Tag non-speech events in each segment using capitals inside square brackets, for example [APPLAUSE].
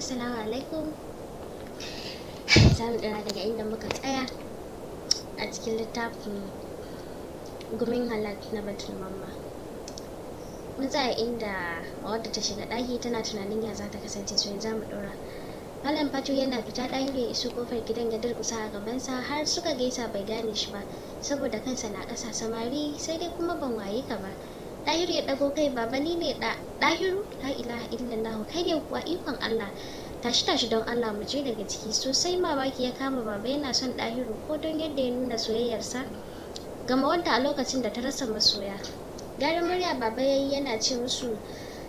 Assalamu alaikum. Za mu daga inda muka tsaya a cikin littafin gumin halak na batun Mamma. Mun tsaya inda wadda ta shiga ɗaki tana tunanin ya za ta kasance so za mu ɗora. Malam Fatu yana fita ɗakin ya iso kofar gidan ya durkusa a gaban sa har suka gaisa bai gane shi ba saboda kansa na ƙasa samari sai dai kuma ban waye ka ba. ɗahiru ya dago kai baba ni ne dahiru la ilaha illallah kai ne kuwa ikon allah tashi tashi don Allah mu je daga ciki sosai ma baki ya kama baba yana son ɗahiru ko don yadda ya nuna soyayyarsa ga mawanta a lokacin da ta rasa masoya gyaran murya baba yayi yana ce musu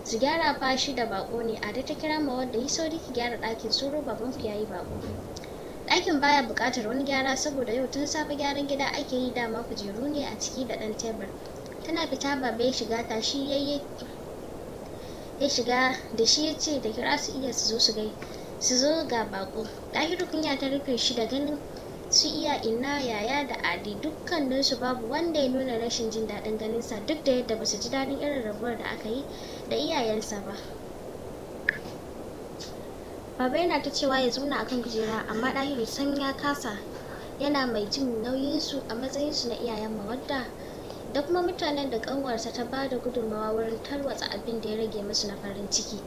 su gyara fashi da bako ne a ta kira ma wanda yi sauri ki gyara ɗakin tsoro baban ku yayi bako ɗakin baya buƙatar wani gyara saboda yau tun safe gyaran gida ake yi dama kujeru ne a ciki da ɗan tebur tana fita baba ya shiga tashi yayye ya shiga da shi ya ce da kira su iya su zo su gai su zo ga bako ɗahiru kunya ta rufe shi da ganin su iya ina yaya da adi dukkaninsu babu wanda ya nuna rashin jin daɗin ganinsa duk da yadda ba su ji daɗin irin rabuwar da aka yi da iyayensa ba baba yana ta cewa ya zauna akan kujera amma ɗahiru san ya kasa yana mai jin nauyinsu a matsayinsu na iyayen mawadda da kuma mutanen da ƙanwarsa ta ba da gudunmawa wurin tarwatsa abin da ya rage musu na farin ciki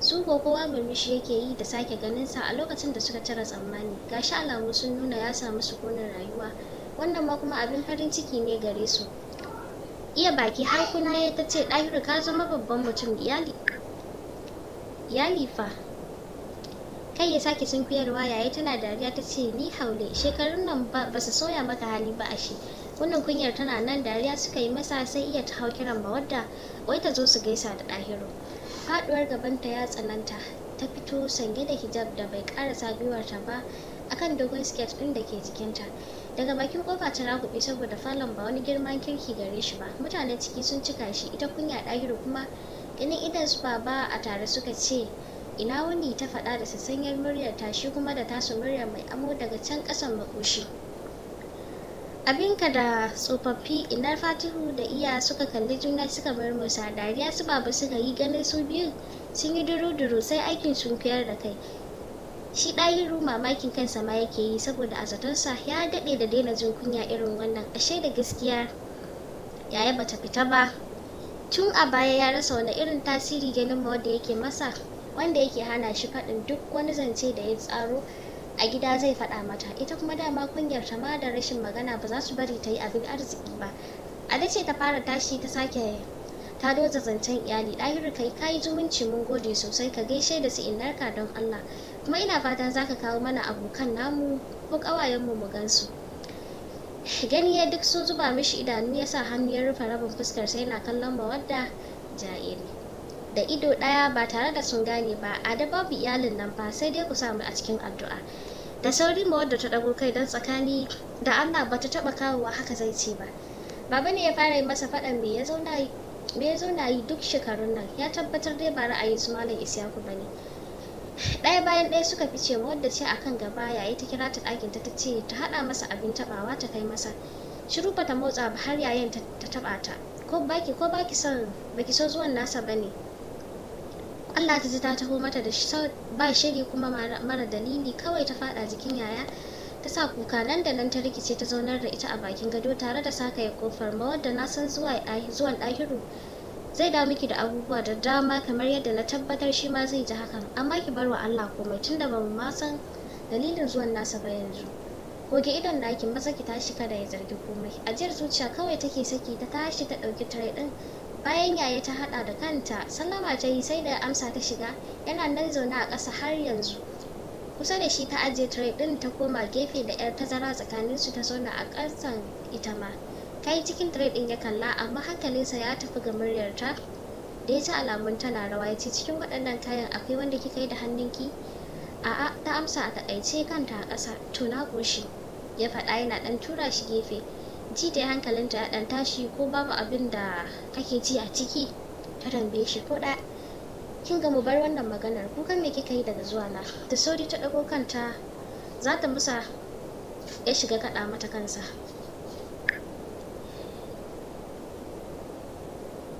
su ko kowa murmushi yake yi da sake ganinsa a lokacin da suka tara tsammani gashi alamu sun nuna ya samu sukunin rayuwa wannan ma kuma abin farin ciki ne gare su iya baki har kunne ya ta ce ɗahiru ka zama babban mutum iyali iyali fa kai ya sake sunkuyarwa yayi tana dariya ta ce ni haule shekarun nan ba su soya maka hali ba a ashe wannan kunyar tana nan dariya suka yi masa sai iya ta hau kiran wadda. wai ta zo su gaisa da ɗahiru faɗuwar gabanta ya tsananta ta fito sange da hijab da bai ƙara ta ba akan dogon siket ɗin da ke jikinta daga bakin kofa ta rakuɓe saboda falon ba wani girman kirki gare shi ba mutanen ciki sun cika shi ita kunya ɗahiro kuma ganin idan su ba a tare suka ce ina wani ta faɗa da sassanyar muryar shi kuma da tasu muryar mai amo daga can ƙasan makoshi abinka da tsofaffi inar fatihu da iya suka kalli juna suka bar musa dariya su babu suka yi ganin su biyu sun yi duru-duru sai aikin sun fiyar da kai shi ɗahiru mamakin kansa ma yake yi saboda a zatonsa ya daɗe da daina jin kunya irin wannan ashe da gaskiya yaya bata fita ba tun a baya ya rasa wani irin tasiri ganin ma wanda yake masa wanda yake hana shi faɗin duk wani zance da ya tsaro a gida zai faɗa mata ita kuma dama kunyar ta ma da rashin magana ba za su bari ta yi abin arziki ba ada ce ta fara tashi ta sake ta doza zancen iyali ɗahiru kai ka yi zumunci mun gode sosai ka gaishe da su innarka don allah kuma ina fatan za ka kawo mana abokan namu ko ƙawayenmu mu gansu gani ya duk su zuba mishi idanu ya sa hannu ya rufe rabin fuskar sai yana kallon ba wadda ja'iri da ido ɗaya ba tare da sun gane ba a da babu iyalin nan ba, sai dai ku samu a cikin addu'a da sauri ma wadda ta ɗago kai don tsakani da allah ba ta taɓa kawowa haka zai ce ba baba ne ya fara yi masa faɗan me ya zauna me ya zauna yi duk shekarun nan ya tabbatar dai ba ra'ayin su malam isyaku ba ne ɗaya bayan ɗaya suka fice ma wadda ce akan gaba yayi ta kira ta ɗakin ta ta ce ta haɗa masa abin taɓawa ta kai masa shiru bata motsa ba har yayin ta taɓa ta ko baki ko baki son baki so zuwan nasa ba ne Allah ta ji ta taho mata da ba shiri kuma mara dalili kawai ta fada jikin yaya ta sa kuka nan da nan ta rikice ta zaunar da ita a bakin gado tare da sa kai kofar mawadda na san zuwan ɗahiru zai da miki da abubuwa da dama kamar yadda na tabbatar shi ma zai ji hakan amma ki bar wa Allah komai tunda ba mu ma san dalilin zuwan nasa ba yanzu goge idon naki maza ki tashi kada ya zargi komai ajiyar zuciya kawai take saki ta tashi ta ɗauki tare ɗin bayan yaya ta haɗa da kanta sallama ta yi sai da amsa ta shiga yana nan zaune a ƙasa har yanzu kusa da shi ta ajiye tire ɗin ta koma gefe da yar tazara tsakanin su ta zauna a ƙasan ita ma kai cikin tire ɗin ya kalla amma hankalinsa ya tafi ga muryar ta da ya ci alamun tana rawa ya ce cikin waɗannan kayan akwai wanda kika yi da hannunki a'a ta amsa a takaice kanta a ƙasa to na goshi ya faɗa yana ɗan tura shi gefe ji da hankalinta ya ɗan tashi ko babu abin da kake ji a ciki ta tambaye shi ko ɗaya kin ga bar wannan maganar kukan me kika yi daga zuwa na da sauri ta ɗago kanta za ta musa ya shiga kaɗa mata kansa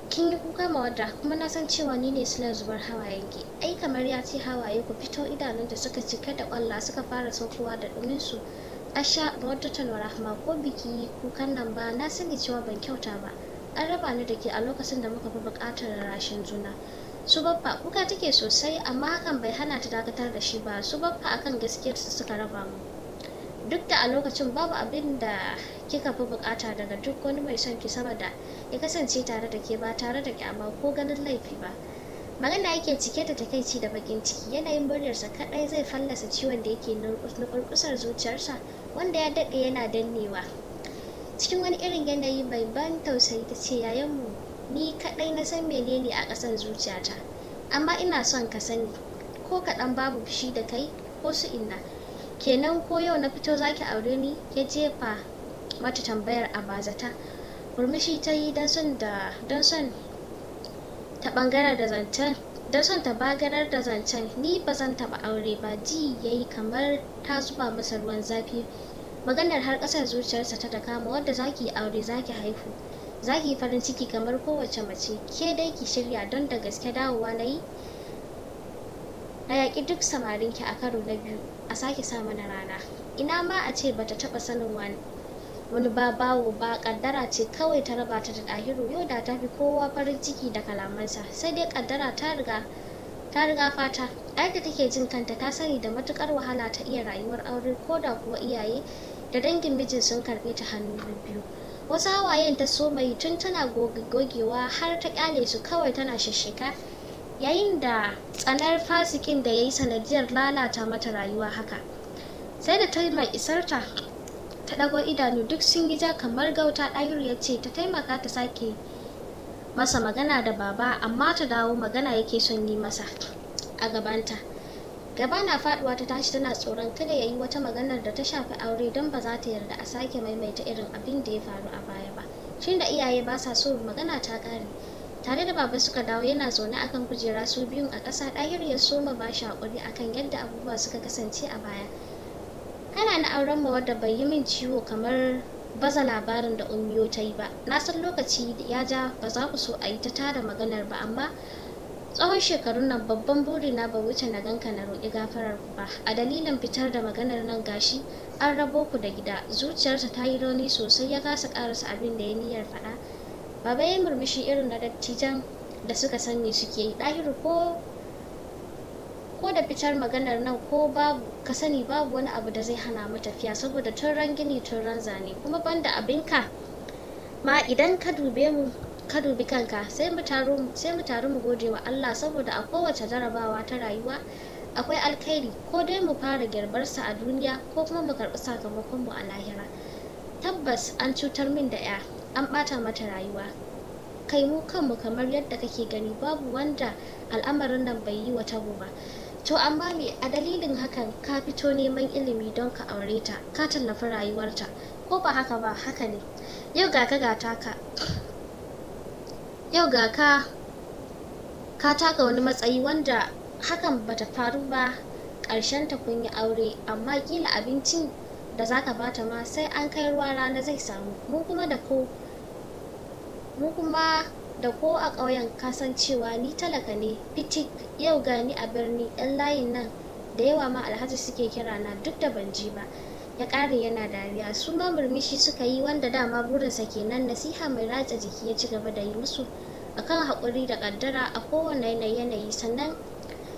kin yi kuka ma wadda kuma na san cewa ni ne suna zubar hawayenki ai kamar ya ce hawaye ku fito idanun da suka cika da ƙwallo suka fara saukowa da ɗuminsu asha wata rahma ko biki kukan nan ba na sani cewa ban kyauta ba an raba ni da ke a lokacin da muka fi buƙatar rashin juna su baffa kuka take sosai amma hakan bai hana ta dakatar da shi ba su baffa akan gaskiyar su suka raba mu duk da a lokacin babu abin da kika fi buƙata daga duk wani mai son ki sama da ya kasance tare da ke ba tare da ƙyama ko ganin laifi ba magana yake cike da takaici da bakin ciki yanayin muryarsa kadai zai fallasa ciwon da yake nukurkusar zuciyarsa wanda ya daɗe yana dannewa cikin wani irin yanayi mai ban tausayi ta ce yayanmu ni kaɗai na san menene a ƙasan zuciyata amma ina son ka sani ko kaɗan babu fushi da kai ko su inna kenan ko yau na fito zaki aure ni ya jefa mata tambayar a bazata murmushi ta yi don son ta ɓangaren da zancen don son ta bagarar da zancen ni ba zan taɓa aure ba ji ya yi kamar ta zuba masa ruwan zafi maganar har ƙasar zuciyarsa ta daka ma wanda yi aure za zaki haihu zaki farin ciki kamar kowace mace ke dai ki shirya don da gaske dawowa na yi na yaƙi duk ki a karo na biyu a sake sa mana rana ina ma a ce bata taɓa sanin wani wani ba bawo ba kaddara ce kawai ta raba ta da ɗahiru yau da ta fi kowa farin ciki da kalamansa sai dai ƙaddara ta riga ta riga fata ai da take jin kanta ta sani da matukar wahala ta iya rayuwar aure ko da kuwa iyaye da dangin mijin sun karɓe ta hannu biyu wasu hawayen ta so mai tun tana gogewa har ta kyale su kawai tana shishika yayin da tsanar fasikin da ya yi sanadiyar lalata mata rayuwa haka sai da ta mai isarta ta ɗago idanu duk sun yi ja kamar gauta ɗahir ya ce ta taimaka ta sake masa magana da baba amma ta dawo magana yake son yi masa a gabanta gaba na faɗuwa ta tashi tana tsoron kada ya yi wata maganar da ta shafi aure don ba za ta yarda a sake maimaita irin abin da ya faru a baya ba shin da iyaye ba sa so magana ta kare tare da baba suka dawo yana zaune akan kujera su biyun a ƙasa ɗahir ya soma ba shi haƙuri akan yadda abubuwa suka kasance a baya kana na auren ma wadda bai yi min ciwo kamar baza labarin da ummiyo ta yi ba na san lokaci ya ja ba za ku so a yi ta tara maganar ba amma tsawon shekarun nan babban buri na ba wuce na ganka na roƙi gafarar ku ba a dalilin fitar da maganar nan gashi an rabo ku da gida zuciyarsa ta yi rauni sosai ya kasa karasa abin da ya niyyar faɗa baba ya murmushi irin na dattijan da suka sani suke yi ɗahiru ko ko da fitar maganar nan ko babu ka sani babu wani abu da zai hana mu tafiya saboda tun gini tun zane kuma banda abinka ma idan ka dube mu ka dubi kanka sai mu taru sai mu taru mu gode wa Allah saboda a kowace jarabawa ta rayuwa akwai alkhairi ko dai mu fara girbarsa a duniya ko kuma mu karɓi sakamakon mu a lahira tabbas an cutar min da ya an ɓata mata rayuwa kai mu kanmu kamar yadda kake gani babu wanda al'amarin nan bai yi wa tabo ba To amma me a dalilin hakan ka fito neman ilimi don ka aure ta, ka tallafi rayuwarta, ko ba haka ba haka ne. Yau ga ka ga ka, Yau ga ka ka taka wani matsayi wanda hakan bata faru ba ƙarshen ta kun yi aure amma kila abincin da za zaka bata ma sai an kai ruwa rana zai samu mu kuma da ko mu kuma da ko a ƙauyen cewa ni talaka ne fitik yau ga ni a birni yan layin nan da yawa ma alhaji suke kira na duk da ban ji ba ya ƙare yana dariya su ma murmushi suka yi wanda dama burinsa kenan nasiha mai ratsa jiki ya ci gaba da yi musu akan haƙuri da ƙaddara a kowane yanayi sannan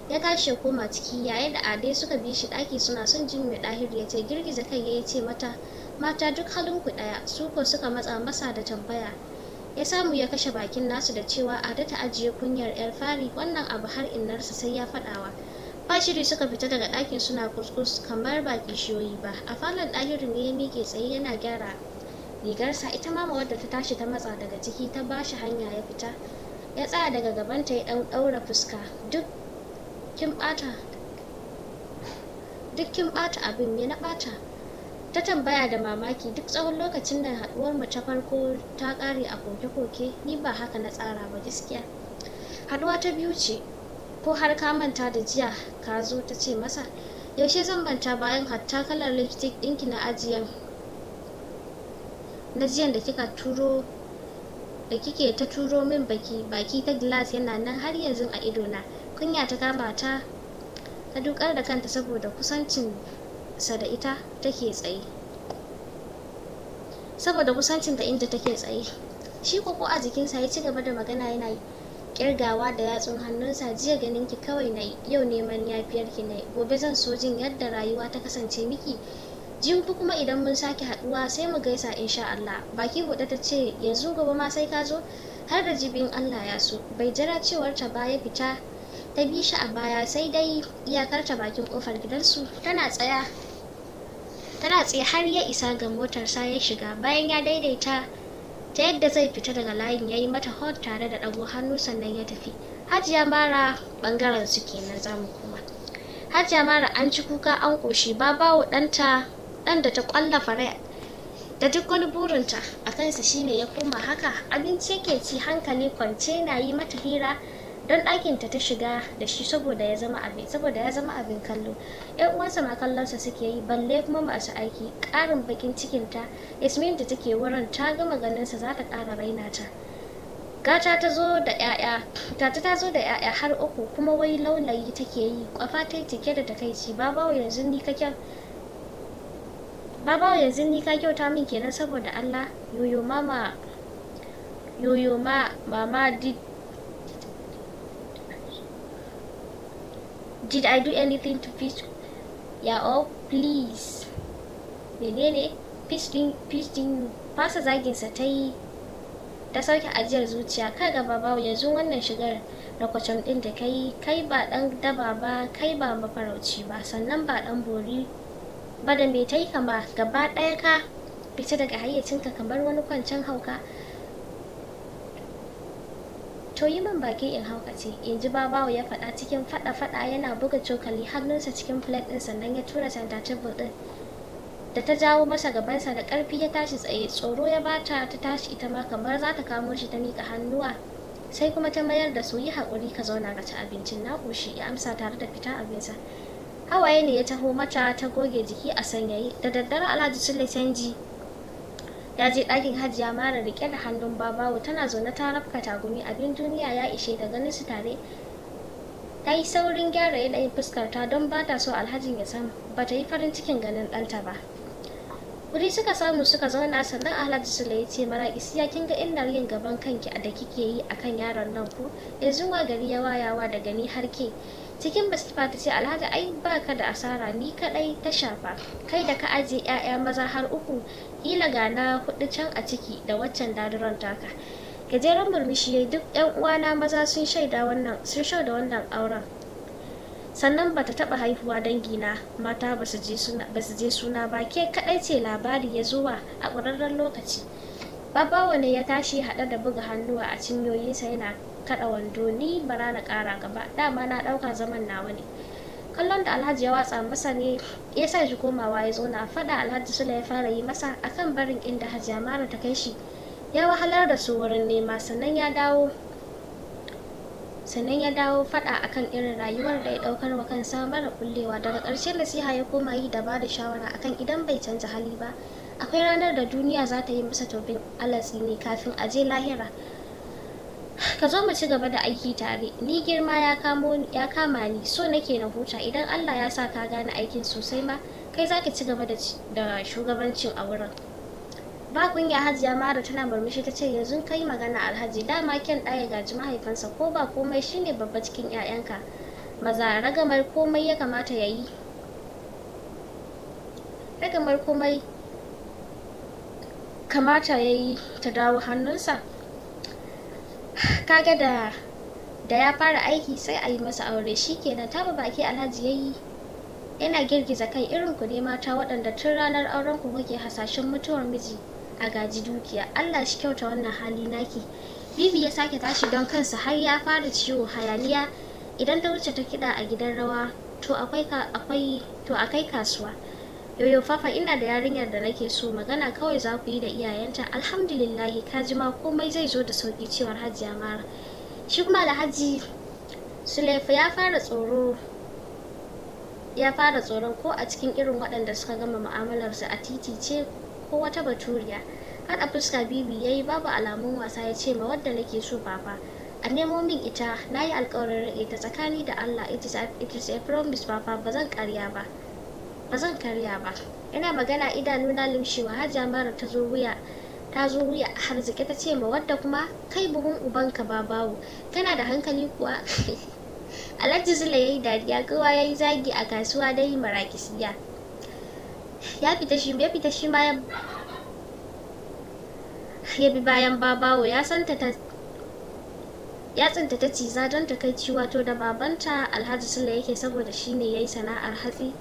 ya tashi koma ciki yayin da adai suka bi shi ɗaki suna son jin mai ɗahir ya ce girgiza kai ya ce mata mata duk halin ku ɗaya su ko suka matsa masa da tambaya ya samu ya kashe bakin nasu da cewa a da ta ajiye kunyar yar fari wannan abu har innarsa sai ya faɗawa shiri suka fita daga ɗakin suna kuskus kamar ba kishiyoyi ba a falon ɗahiru ne ya miƙe tsaye yana gyara rigarsa ita ma wadda ta tashi ta matsa daga ciki ta ba shi hanya ya fita ya tsaya daga gaban ta ya ɗan ɗaura fuska duk kin ɓata duk kin ɓata abin me na ɓata ta tambaya da mamaki duk tsawon lokacin da haɗuwar mu ta farko ta ƙare a koke-koke ni ba haka na tsara ba gaskiya haɗuwa ta biyu ce ko har ka manta da jiya ka zo ta ce masa yaushe zan manta bayan hatta kalar lipstick ɗinki na ajiyan na jiyan da kika turo da kike ta turo min baki baki ta glass yana nan har yanzu a idona kunya ta kama ta ta dukar da kanta saboda kusancin sa da ita take tsaye saboda kusancin da inda take tsaye shi koko a jikinsa ya ci gaba da magana yana kirgawa da yatsun hannunsa jiya ganin ki kawai na yau neman yafiyar ki na gobe zan so jin yadda rayuwa ta kasance miki jibi kuma idan mun sake haduwa sai mu gaisa insha Allah baki hudu ta ce yanzu gobe ma sai ka zo har da jibin Allah ya so bai jira cewar ta baya fita ta bi shi a baya sai dai iyakar ta bakin kofar gidansu tana tsaya tana tsaye har ya isa ga motarsa ya shiga bayan ya daidaita ta yadda zai fita daga layin ya yi mata hot tare da ɗago hannu sannan ya tafi hajiya mara ɓangaren su kenan za mu koma hajiya mara an ci kuka an ƙoshi ba bawo ɗanta ɗan da ta ƙwalla fara da duk wani burinta a kansa shine ya koma haka abinci yake ci hankali kwance na yi mata hira don ɗakinta ta shiga da shi saboda ya zama abin saboda ya zama abin kallo yan uwansa ma kallonsa suke yi balle kuma masu aiki ƙarin bakin cikinta yasmin da take wurin ta gama ganinsa za ta ƙara raina ta gata ta zo da 'ya'ya tata ta zo da ƴaƴa har uku kuma wai launayi take yi kwafa ta cike da takaici babawo yanzu ni ka kyau babawo yanzu ni ka kyauta min kenan saboda Allah yoyo mama yoyo ma mama did Did I do anything to fish? Yeah, oh please menene piss din fasa zaginsa ta yi ta sauke ajiyar zuciya kaga baba yanzu wannan shigar na kwacin din da kai kai ba dan daba ba kai ba mafarauci ba sannan ba dan bori ba da me ta yi kama gaba daya ka fita daga hayyacinka kamar wani kwancen hauka to yi min bakin in haukace in ji babawo ya faɗa cikin faɗa-faɗa yana buga cokali hannunsa cikin plate ɗin sannan ya tura santa table ɗin da ta jawo masa gabansa da ƙarfi ya tashi tsaye tsoro ya bata ta tashi ita ma kamar za ta kamo shi ta miƙa hannuwa sai kuma ta mayar da su yi haƙuri ka zauna ka ci abincin na ƙoshi ya amsa tare da fita abinsa hawaye ne ya taho mata ta goge jiki a sanyayi da daddare alhaji sule canji ya je ɗakin hajiya mara rike da hannun babawo tana zaune ta rafka tagumi abin duniya ya ishe da ganin su tare ta yi saurin gyara yanayin fuskarta don ba ta so alhajin ya san ba ta yi farin cikin ganin ɗanta ba wuri suka samu suka zauna sannan alhaji sule ya ce mara isiya kin ga illar yin gaban kanki da kike yi akan yaron nan ko yanzu wa gari ya wayawa da gani har ke cikin basifa ta ce alhaji ai ba ka da asara ni kadai ta shafa kai da ka ajiye 'ya'ya maza har uku kila ga na hudu can a ciki da waccan daduran taka gajeren murmushi yayi duk yan uwana maza sun shaida wannan sun shaida wannan auren sannan bata taba haihuwa dangi na, mata basu je suna basu je suna ba ke kadai ce labari ya zuwa a ƙurarren lokaci babawa ne ya tashi hada da buga hannuwa a cinyoyinsa yana kada wando ni bara na kara gaba dama na dauka zaman nawa ne kallon da alhaji ya watsa masa ne ya sa shi komawa ya zo na faɗa alhaji sula ya fara yi masa akan barin inda hajiya mara ta kai shi ya wahalar da su wurin nema sannan ya dawo sannan ya dawo faɗa akan irin rayuwar da ya ɗaukar wa kansa mara kullewa daga ƙarshe nasiha ya koma yi da bada shawara akan idan bai canza hali ba akwai ranar da duniya za ta yi masa tobin alatsi ne kafin a je lahira ka zo mu ci gaba da aiki tare ni girma ya ya kama ni so nake na huta idan allah ya sa ka gane aikin sosai ma kai zaka ci gaba da shugabancin a wurin ba kungiya hajiya mara tana murmushi ta ce yanzu kai magana alhaji dama kyan ɗaya gaji mahaifinsa ko ba komai shine babba cikin 'ya'yanka maza ragamar komai ya kamata yayi ragamar komai kamata ya ta dawo hannunsa kaga da da ya fara aiki sai a yi masa aure shi shikenan ta baki alhaji yayi yana girgiza kai irin ku ne mata waɗanda tun ranar auren ku kuke hasashen mutuwar miji a gaji dukiya Allah shi kyauta wannan hali naki Bibi ya sake tashi don kansa har ya fara ciwo hayaniya idan ta wuce ta kiɗa a gidan rawa to akwai to akai kasuwa yoyo fafa ina da yarinyar da nake so magana kawai za ku yi da iyayenta alhamdulillahi ka ji ma komai zai zo da sauki cewar hajiya mara shi kuma alhaji sulefa ya fara tsoro ya fara tsoron ko a cikin irin waɗanda suka gama mu'amalarsa a titi ce ko wata baturiya haɗa fuska bibi ya yi babu alamun wasa ya ce ma wadda nake so fafa a nemo min ita na yi alkawarin rage ta tsakani da allah it is a promise fafa ba zan karya ba ba zan karya ba yana magana idanuna lumshewa hajiya mara ta zo wuya ta zo wuya a harzike ta ce ma wadda kuma kai buhun ubanka ba bawo kana da hankali kuwa [LAUGHS] alhaji zule yayi dariya kowa ya zagi a kasuwa dai yi marakisiya ya fita shi ya fita shi bayan ya bi bayan babawo ya santa ta ya tsinta ta ciza don ta kai wato da babanta alhaji Sule yake saboda shine ya yi sana'ar hatsi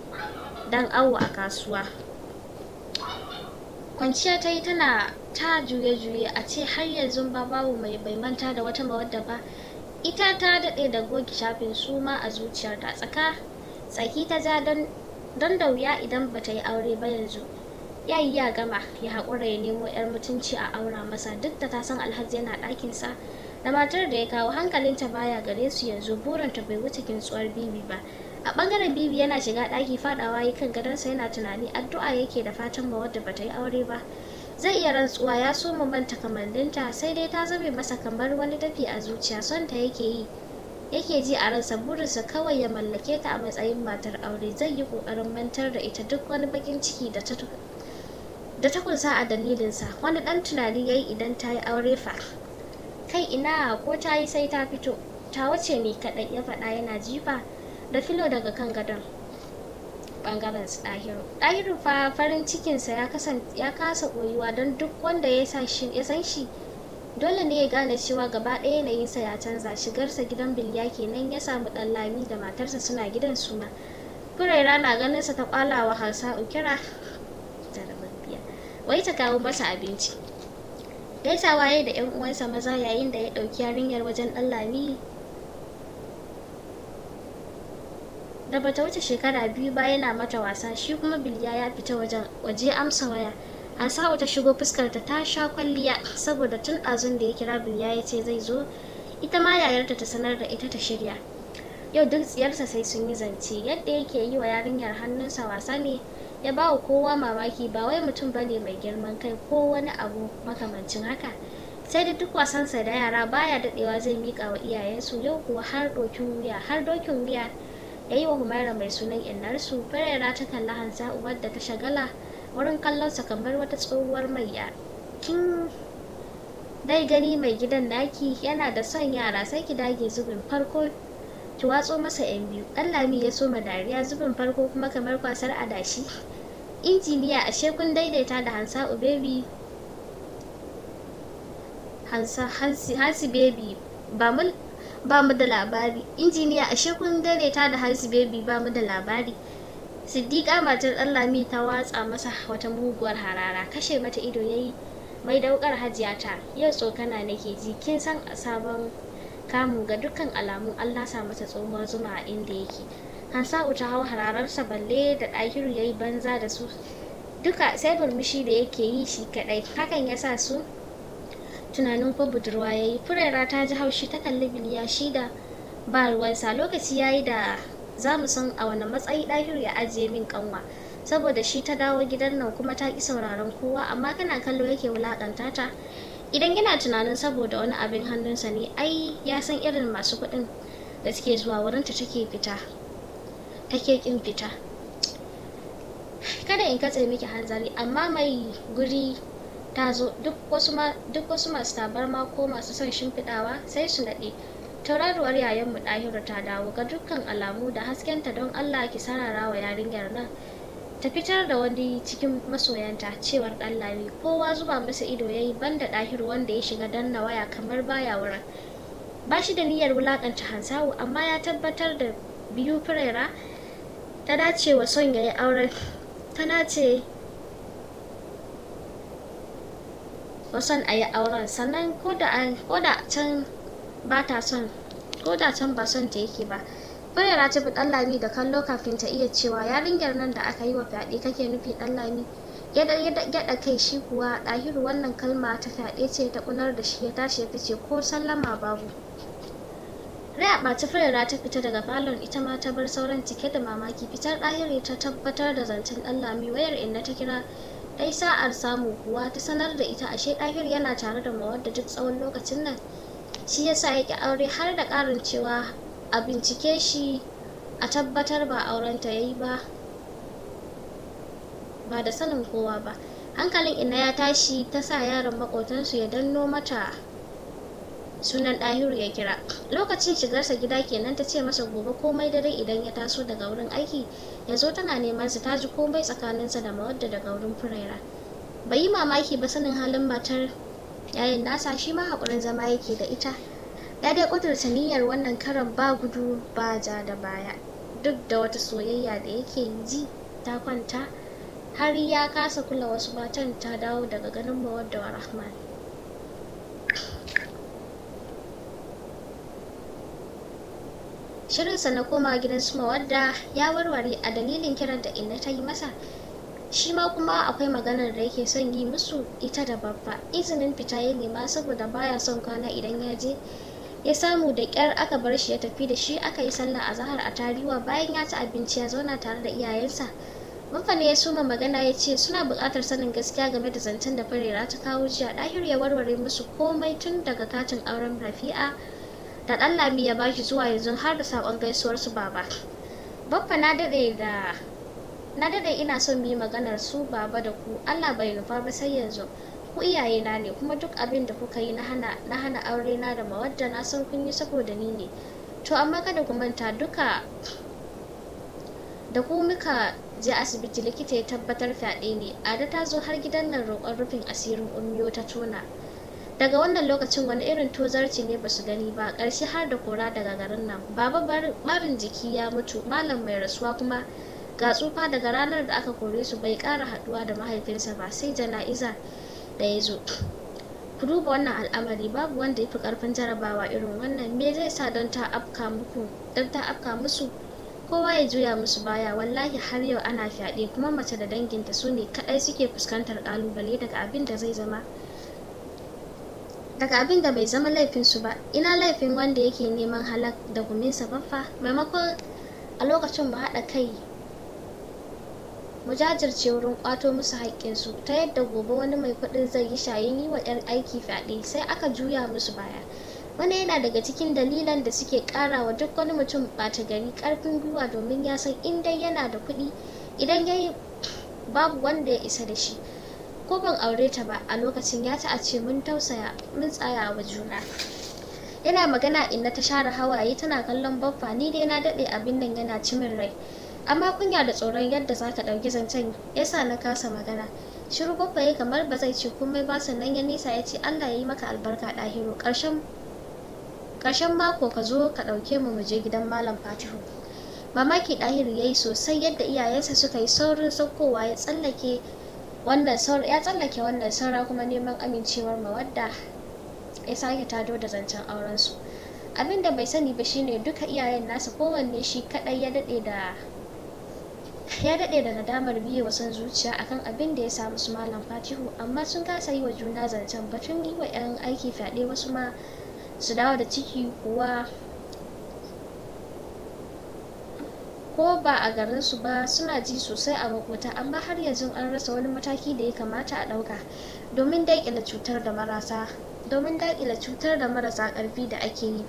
dan awo a kasuwa kwanciya ta yi tana ta juye-juye a ce har yanzu ba babu mai bai da wata mawadda ba ita ta daɗe da goge shafin su ma a zuciyar ta tsaka tsaki ta ja don da wuya idan ba ta yi aure ba yanzu yayi ya gama ya haƙura ya nemo 'yar mutunci a aura masa duk da ta san alhaji yana ɗakinsa da matar da ya kawo hankalinta baya gare su yanzu burinta bai wuce kintsuwar bibi ba a bangaren bibi yana shiga ɗaki fadawa yi kan sa yana tunani addu'a yake da fatan ba wadda bata yi aure ba zai iya rantsuwa ya so mu manta kamanninta sai dai ta zame masa kamar wani dafi a zuciya son ta yake yi yake ji a ransa burinsa kawai ya mallake ta a matsayin matar aure zai yi kokarin mantar da ita duk wani bakin ciki da ta da ta kunsa a dalilinsa wani dan tunani ya yi idan ta yi aure fa kai ina ko ta yi sai ta fito ta wuce ne kaɗai ya faɗa yana jifa da filo daga kan gadon bangaren su ɗahiru ɗahiru fa farin cikinsa ya kasa koyuwa don duk wanda ya san shi dole ne ya gane cewa gaba ɗaya yanayinsa ya canza shigarsa gidan bilya kenan ya samu ɗan lami da matarsa suna gidan suma furaira na ganinsa ta kwalawa hausa ukira da rababbiya wai ta kawo masa abinci gaisawa ya da 'yan uwansa maza yayin da ya ɗauki yarinyar wajen ɗan lami da bata wuce shekara biyu ba yana mata wasa shi kuma bilya ya fita wajen waje amsa waya asa'u ta shigo fuskar ta ta sha kwalliya saboda tun azun da ya kira bilya ya ce zai zo ita ma yayarta ta sanar da ita ta shirya yau duk tsiyarsa sai sun yi zance yadda yake yi wa yarinyar hannunsa wasa ne ya ba wa kowa mamaki ba wai mutum ba ne mai girman kai ko wani abu makamancin haka sai da duk wasansa da yara baya dadewa zai miƙa wa iyayensu yau kuwa har har dokin wuya ya yi wa humaira mai sunan innarsu farera ta kalla hansa uwar da ta shagala wurin kallonsa kamar wata tsohuwar mai kin dai gani mai gidan naki yana da son yara sai ki dage zubin farko ki watso masa yan biyu lami ya soma dariya zubin farko kuma kamar kwasar adashi injiniya ashe kun daidaita da hansa ubebi hansa hansi baby ba mul ba mu da labari injiniya ashe kun dare ta da Hasi baby ba mu da labari siddiqa matar ɗanlami ta watsa masa wata muguwar harara kashe mata ido yayi mai daukar hajiya ta yau tsokana nake ji kin san a sabon kamu ga dukkan alamu allah sa mata tsohuwar zuma a inda yake Kan hansa'u ta hau hararsa balle da ɗahiru yayi banza da su duka sai murmushi da yake yi shi kaɗai hakan ya sa su tunanin ko budurwa ya yi furera ta ji haushi ta kalli biliya shi da ba ruwansa lokaci ya yi da za mu san a wani matsayi ɗahiru ya ajiye min kanwa saboda shi ta dawo gidan nan kuma ta ki sauraron kowa amma kana kallo yake wulaƙanta ta idan yana tunanin saboda wani abin hannunsa ne ai ya san irin masu kuɗin da suke zuwa wurinta take fita take ƙin fita kada in katse miki hanzari amma mai guri ta zo duk wasu masu tabarma ko masu son shimfiɗawa sai su naɗe tauraruwar yayan mu ɗahiru ta dawo ga dukkan alamu da haskenta don allah ki sarara wa yarinyar nan ta fitar da wani cikin masoyanta cewar ɗan kowa zuba masa ido yayi yi banda ɗahiru wanda ya shiga danna waya kamar baya wurin ba shi da niyyar wulaƙanta hansawu amma ya tabbatar da biyu firera ta dace wa son yayi yi auren ta ce ba son a yi auren sannan ko da can ba ta son ko da can ba son ta yake ba bayyana ta bi ɗanlami da kallo kafin ta iya cewa yarinyar nan da aka yi wa fyaɗe kake nufi ɗanlami gyaɗa kai shi kuwa ɗahiru wannan kalma ta fyaɗe ce ta ƙunar da shi ya tashi ya fice ko sallama babu Raya ɓaci Farira ta fita daga falon ita ma ta bar sauran cike da mamaki fitar ɗahiri ta tabbatar da zancen ɗanlami wayar inda ta kira Ai sa'ar samu kuwa ta sanar da ita ashe ɗahir yana tare da mawadda duk tsawon lokacin nan. Shi yasa ya ƙi aure har da ƙarin cewa a bincike shi a tabbatar ba aurenta ya yi ba ba da sanin kowa ba. Hankalin ina ya tashi ta sa yaron makotansu ya danno mata sunan ɗahiru ya kira lokacin shigarsa gida kenan ta ce masa gobe komai dare idan ya taso daga wurin aiki ya zo tana neman su ta ji komai tsakaninsa da mawadda daga wurin furaira bai yi mamaki ba sanin halin matar yayin nasa shi ma haƙurin zama yake da ita ya dai ƙudurta niyyar wannan karan ba gudu ba ja da baya duk da wata soyayya da yake ji ta kwanta har ya kasa kula wasu matan ta dawo daga ganin mawadda wa rahman shirinsa na koma gidan su mawadda ya warware a dalilin kiran da inna ta yi masa shi ma kuma akwai maganar da yake son yi musu ita da babba izinin fita ya nema saboda baya son kwana idan ya je ya samu da kyar aka bar shi ya tafi da shi aka yi sallah a zahar a tariwa bayan ya ci abinci ya zauna tare da iyayensa Mufane ya suma magana ya ce suna buƙatar sanin gaskiya game da zancen da farera ta kawo jiya ɗahir ya warware musu komai tun daga katin auren rafi'a da ɗan lami ya bashi zuwa yanzu har da saƙon gaisuwar su baba baffa na daɗe da na daɗe ina son mu yi maganar su baba da ku allah bai rufa ba sai yanzu ku iyaye na ne kuma duk abin da kuka yi na hana na hana aure na da mawadda na san kun yi saboda ni ne to amma kada ku manta duka da ku muka je asibiti likita ya tabbatar fyaɗe ne ada ta zo har gidan nan roƙon rufin asirin ummiyo ta tona daga wannan lokacin wani irin tozarci ne ba su gani ba ƙarshe har da kora daga garin nan baba barin jiki ya mutu malam mai rasuwa kuma ga tsufa daga ranar da aka kore su bai ƙara haɗuwa da mahaifinsa ba sai jana'iza da ya zo ku duba wannan al'amari babu wanda ya fi ƙarfin jarabawa irin wannan me zai sa don ta afka muku don ta afka musu kowa ya juya musu baya wallahi har yau ana fyaɗe kuma mace da danginta su ne kaɗai suke fuskantar ƙalubale daga abin da zai zama daga abin da bai zama laifin su ba ina laifin wanda yake neman halak da guminsa baffa maimakon a lokacin ba haɗa kai mu jajirce wurin kwato musu haƙƙinsu ta yadda gobe wani mai kuɗin zai yi shayin yi wa ɗan aiki fyaɗe sai aka juya musu baya wani yana daga cikin dalilan da suke ƙara wa duk wani mutum ɓata gari ƙarfin gwiwa domin ya san in dai yana da kuɗi idan ya yi babu wanda ya isa da shi ko ban aure ta ba a lokacin ya ci a ce mun tausaya mun tsaya wa juna yana magana inna ta share hawaye tana kallon baffa ni dai na daɗe abin nan yana cimin rai amma kunya da tsoron yadda za ta ɗauki zancen yasa na kasa magana shiru baffa ya kamar ba zai ce komai ba sannan ya nisa ya ce allah ya yi maka albarka ɗahiru Karshen mako ka zo ka ɗauke mu muje gidan malam fatihu mamaki ɗahiru ya yi sosai yadda iyayensa suka yi saurin saukowa ya tsallake wanda ya tsallake wannan saura kuma neman amincewar mawadda ya sake tado da zancen aurensu abin da bai sani ba shine duka iyayen nasa kowanne shi kadai ya dade da ya dade da nadamar biye wa son zuciya akan abin da ya samu su malam fatihu amma sun kasa yi wa juna zancen batun yi wa yan aiki fyaɗe wasu ma su dawo da ciki kuwa ko ba a garin su ba suna ji sosai a makota amma har yanzu an rasa wani mataki da ya kamata a ɗauka domin daƙila cutar da marasa domin daƙila cutar da marasa ƙarfi da ake yi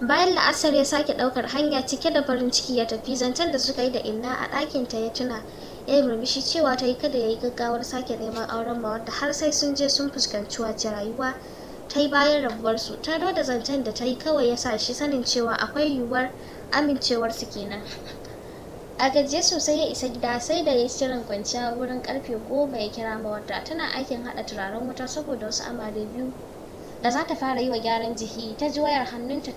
bayan la'asar ya sake ɗaukar hanya cike da farin ciki ya tafi zancen da suka yi da inna a ɗakinta ya tuna ya yi murmushi cewa ta yi kada ya yi gaggawar sake neman auren ma wanda har sai sun je sun fuskanci wace rayuwa ta yi bayan rabuwarsu ta da zancen da ta yi kawai ya sa shi sanin cewa akwai yiwuwar amincewar su kenan a gajiye sosai ya isa gida sai da ya shirin kwanciya wurin karfe goma ya kira mawarta tana aikin haɗa turaren wuta saboda wasu amare biyu da za ta fara yi wa gyaran jiki ta ji wayar hannunta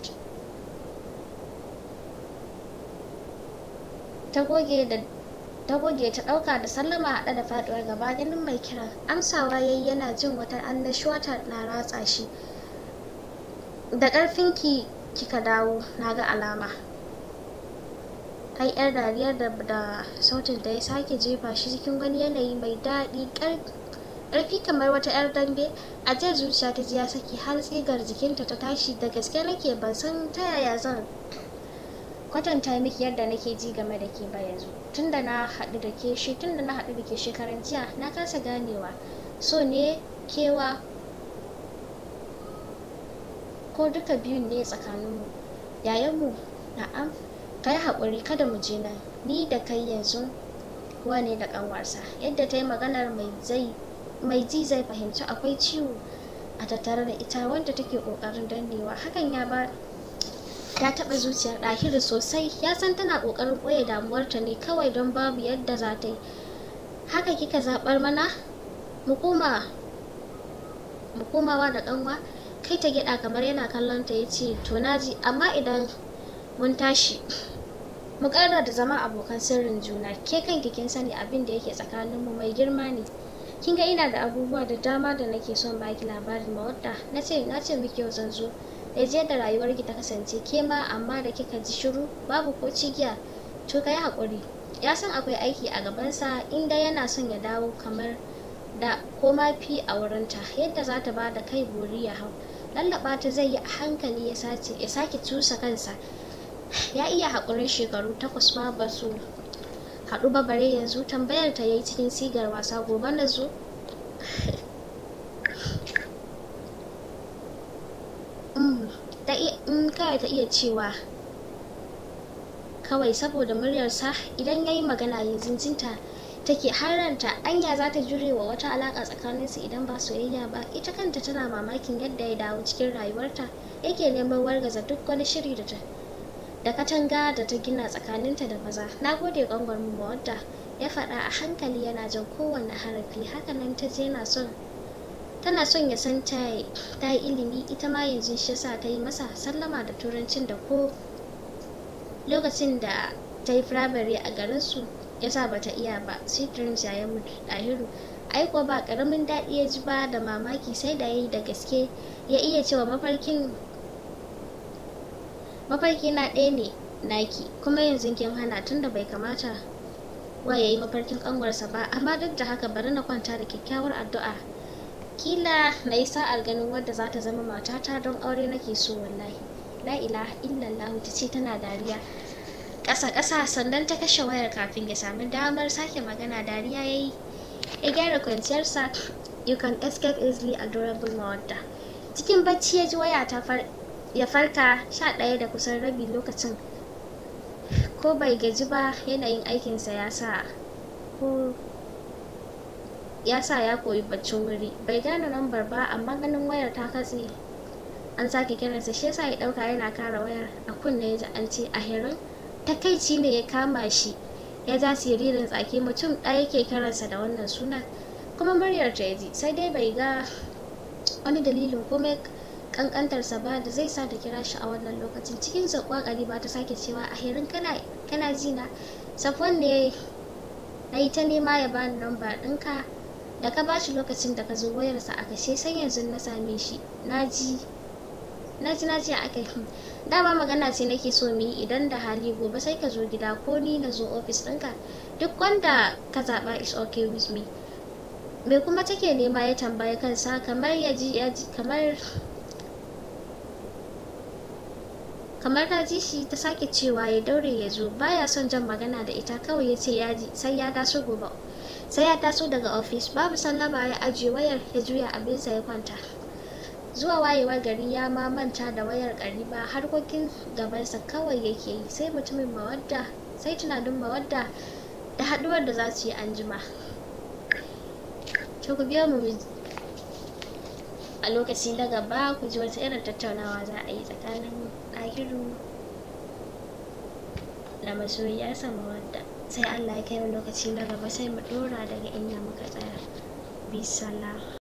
ta goge ta goge ta ɗauka da sallama haɗe da faɗuwar gaba ganin mai kira amsawa yayi yana jin wata annashuwa ta na ratsa shi da ƙarfin ki kika dawo na ga alama kai yar dariyar da da sautin da ya sake jefa shi cikin wani yanayi mai daɗi ƙarfi kamar wata yar dambe a jiya zuciya ta ji ya saki har tsigar jikinta ta tashi da gaske nake ban san ta yaya zan kwatanta miki yadda nake ji game da ke ba yanzu da na haɗu da ke shi da na haɗu da ke shekaran jiya na kasa ganewa so ne kewa ko duka biyun ne tsakaninmu yayanmu na'am kayi haƙuri kada mu je nan ni da kai yanzu wane da ƙanwarsa yadda ta yi maganar mai ji zai fahimci akwai ciwo a tattare da ita wanda take ƙoƙarin dannewa hakan ya ba ya taɓa zuciyar ɗahiru sosai ya san tana ƙoƙarin ɓoye damuwarta ne kawai don babu yadda za ta yi haka kika zaɓar mana mu komawa da ƙanwa kai ta gyaɗa kamar yana kallon ta ya ce to naji amma idan mun tashi mu da zama abokan sirrin juna ke kanki kin sani abin da yake tsakanin mu mai girma ne kin ga ina da abubuwa da dama da nake son baki labarin mawadda na ce na ce miki yau zan zo da je da ki ta kasance ke ma amma da kika ji shiru babu ko cigiya to kai hakuri ya san akwai aiki a gabansa inda yana son ya dawo kamar da ko ma fi a wurinta yadda za ta ba da kai bori ya hau lallaba ta zai yi a hankali ya sake cusa kansa ya iya haƙurin shekaru takwas ma ba su haɗu ba bare yanzu tambayar ta yayi cikin sigar wasa gobe na zo mm, in kawai ta iya cewa kawai saboda muryarsa idan ya yi magana yanzinta take haranta anya za ta jure wa wata alaƙa tsakaninsu idan ba soyayya ba ita kanta tana mamakin yadda ya dawo cikin rayuwarta yake neman wargaza duk wani shiri da ta da katanga da ta gina tsakaninta da maza na gode gwangwamin wadda ya faɗa a hankali yana jan kowane harafi hakanan ta je na son tana son ya san ta yi ilimi ita ma yanzu shi sa ta yi masa sallama da turancin da ko lokacin da ta yi firamare a garinsu ya sa bata iya ba sai ya yayin mutu ɗahiru aiko ba ƙaramin daɗi ya ji ba da mamaki sai da ya yi da gaske ya iya cewa mafarkin mafarki na ɗaya ne naki kuma yanzu kin hana tunda bai kamata wa yayi mafarkin ƙanwarsa ba amma duk da haka bari na kwanta da kyakkyawar addu'a kila na yi sa'ar ganin wadda za ta zama matata don aure nake so wallahi la ilaha illallah ta tana dariya ƙasa ƙasa sannan ta kashe wayar kafin ya sami damar sake magana dariya ya ya gyara kwanciyarsa you can escape easily adorable mawadda cikin bacci ya ji waya ta far ya farka sha ɗaya da kusan rabi lokacin ko bai gaji ba yanayin aikinsa ya sa ko ya sa ya koyi baccin wuri bai gane lambar ba amma ganin wayar ta katse an sake kiransa shi yasa ya ɗauka yana kara wayar a kunne ya ji an ce a herin takaici ne ya kama shi ya ja siririn tsaki mutum ɗaya yake kiransa da wannan suna kuma muryar ta ya ji sai dai bai ga wani dalilin komai sa ba da zai sa ta kira shi a wannan lokacin cikin zakwa ba ta sake cewa a herin kana kana zina safwan ne na yi ta nema ya bani lamba ɗinka da ka bashi lokacin da ka zo wayarsa a kashe sai yanzu na same shi na ji na ji na ji a kai dama magana ce nake so mu yi idan da hali gobe sai ka zo gida ko ni na zo ofis ɗinka duk wanda ka zaɓa is okay with me me kuma take nema ya tambaye kansa kamar ya ji kamar kamar ta ji shi ta sake cewa ya daure ya zo baya son jan magana da ita kawai ya ce ya ji sai ya taso gobe sai ya taso daga ofis babu sallama ya ajiye wayar ya juya abinsa ya kwanta zuwa wayewar gari ya ma manta da wayar kariba harkokin gabansa kawai yake yi sai mutumin mawadda sai tunanin mawadda da haduwar da za su yi anjima to ku biyo mu a lokaci na gaba ku ji wata irin tattaunawa za a yi tsakanin ɗakiru da masoyiya sama wadda sai allah ya kai lokaci na gaba sai mu ɗora daga inda muka tsaya bisala